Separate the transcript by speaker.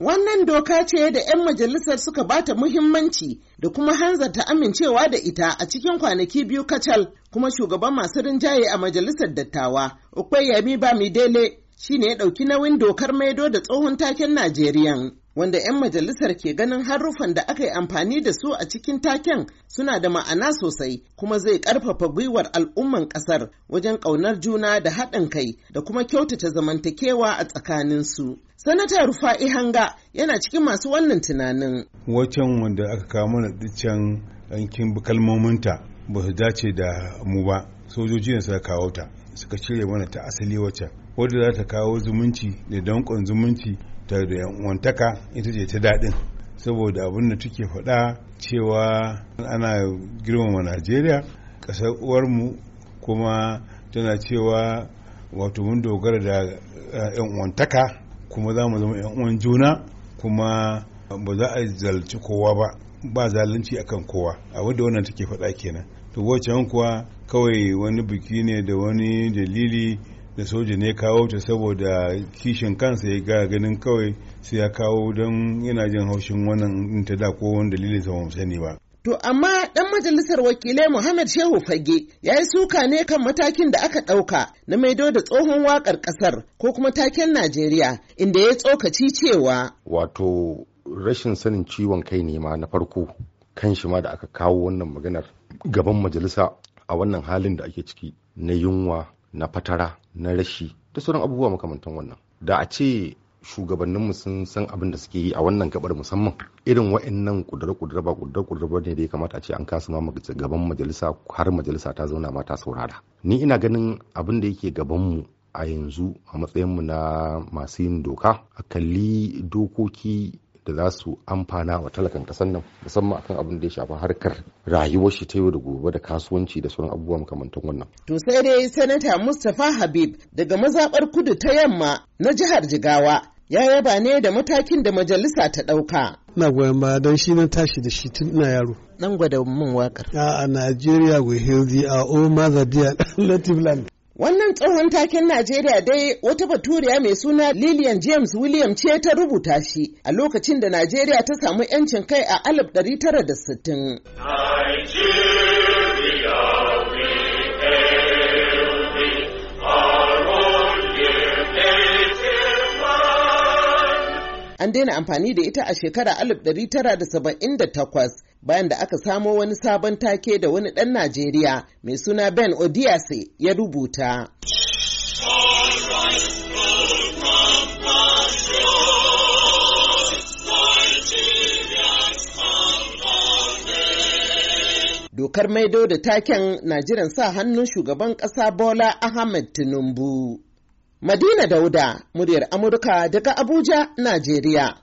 Speaker 1: Wannan doka ce da 'yan majalisar suka bata muhimmanci da kuma hanzarta amincewa da ita a cikin kwanaki biyu kacal kuma shugaban masu rinjaye a majalisar dattawa Ukwai Yami Bamidele shi ne ya ɗauki nauyin dokar maido da tsohon taken Najeriya. wanda 'yan majalisar ke ganin haruffan da aka yi amfani da su a cikin taken suna da ma'ana sosai kuma zai ƙarfafa gwiwar al'umman ƙasar wajen ƙaunar juna da haɗin kai da kuma kyautata zamantakewa a tsakaninsu. Sanata Rufa'i Hanga yana cikin masu wannan tunanin.
Speaker 2: Wacan wanda aka kawo mana dicen yankin kalmominta ba su dace da mu ba sojoji ne suka kawo ta suka cire mana ta asali wacce wadda za ta kawo zumunci da danƙon zumunci ta da wantaka ita ce ta daɗin saboda abin da take faɗa cewa ana girmama najeriya ƙasar uwarmu kuma tana cewa wato mun dogara da eh, yan kuma za mu zama yan uwan juna kuma ba za a zalci kowa ba ba zalunci akan kowa abin da wannan take faɗa kenan to wancan kuwa kawai wani biki ne da wani dalili da soja ne kawo ta saboda kishin kansa ya ga ganin kawai sai ya kawo don yana jin haushin wannan in ta da ko wani dalilin sa mu ba
Speaker 1: To amma dan majalisar wakilai Muhammad Shehu Fage ya yi suka ne kan matakin da aka ɗauka na maido da tsohon wakar ƙasar ko kuma taken Najeriya inda ya tsokaci cewa.
Speaker 3: Wato rashin sanin ciwon kai ne ma na farko kan shi ma da aka kawo wannan maganar gaban majalisa a wannan halin da ake ciki na yunwa na fatara na rashi da sauran abubuwa makamantan wannan da a ce shugabanninmu sun san abin da suke yi a wannan gabar musamman irin wa'annan kudura kudura ba kudura kudura ba ne da ya kamata a ce an kasu ma gaban majalisa har majalisa ta zauna ma ta saurara ni ina ganin abin da yake gabanmu a yanzu a matsayinmu na masu yin doka a kalli dokoki da za su amfana wa talakan kasan nan musamman akan abin da ya shafi harkar rayuwar shi ta yau da gobe da kasuwanci da sauran abubuwa makamantan wannan.
Speaker 1: To sai dai Sanata Mustapha Habib daga mazaɓar kudu ta yamma na jihar Jigawa ya yaba ne da matakin da majalisa ta ɗauka.
Speaker 2: Ina goyon ba don shi na tashi da shi tun ina yaro. Nan gwada min wakar. A Najeriya we healthy a own mother dear native land. Wannan tsohon
Speaker 1: taken Najeriya dai wata baturiya mai suna Lillian James William ce ta rubuta shi a lokacin da Najeriya ta samu 'yancin kai a 1960. An daina amfani da ita a shekara 1978 bayan da aka samo wani sabon take da wani ɗan Najeriya mai suna Ben Odiase ya rubuta. dokar maido da taken na jiran sa hannun shugaban ƙasa Bola Ahmed
Speaker 2: Tinubu. Madina Dauda, muryar Amurka daga Abuja, Najeriya.